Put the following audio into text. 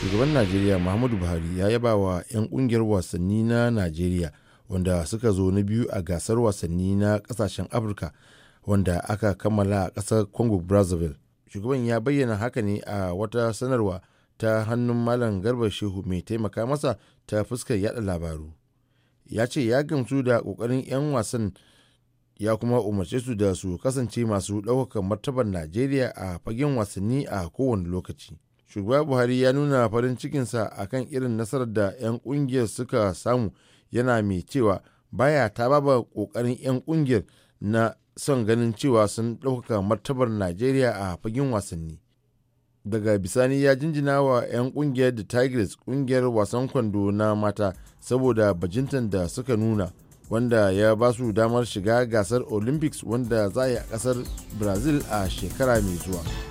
shugaban najeriya muhammadu buhari ya yaba wa 'yan kungiyar wasanni na najeriya wanda suka zo na biyu a gasar wasanni na kasashen afirka wanda aka kammala a kasar congo brazzaville shugaban ya bayyana haka ne a wata sanarwa ta hannun malam garba shehu mai taimaka masa ta fuskar yada labaru ya ce ya gamsu da kokarin 'yan wasan ya kuma umarce su da su kasance masu ɗaukaka martabar najeriya a fagen wasanni a kowane lokaci shugaba buhari ya nuna farin cikinsa a kan irin nasarar da 'yan kungiyar suka samu yana mai cewa baya ta baba kokarin 'yan kungiyar na son ganin cewa sun ɗaukaka martabar najeriya a fagen wasanni daga bisani ya jinjina wa 'yan kungiyar da tigers kungiyar wasan kwando na mata saboda bajintan da suka nuna wanda ya ba su damar shiga gasar olympics wanda za a yi a kasar brazil a shekara mai zuwa.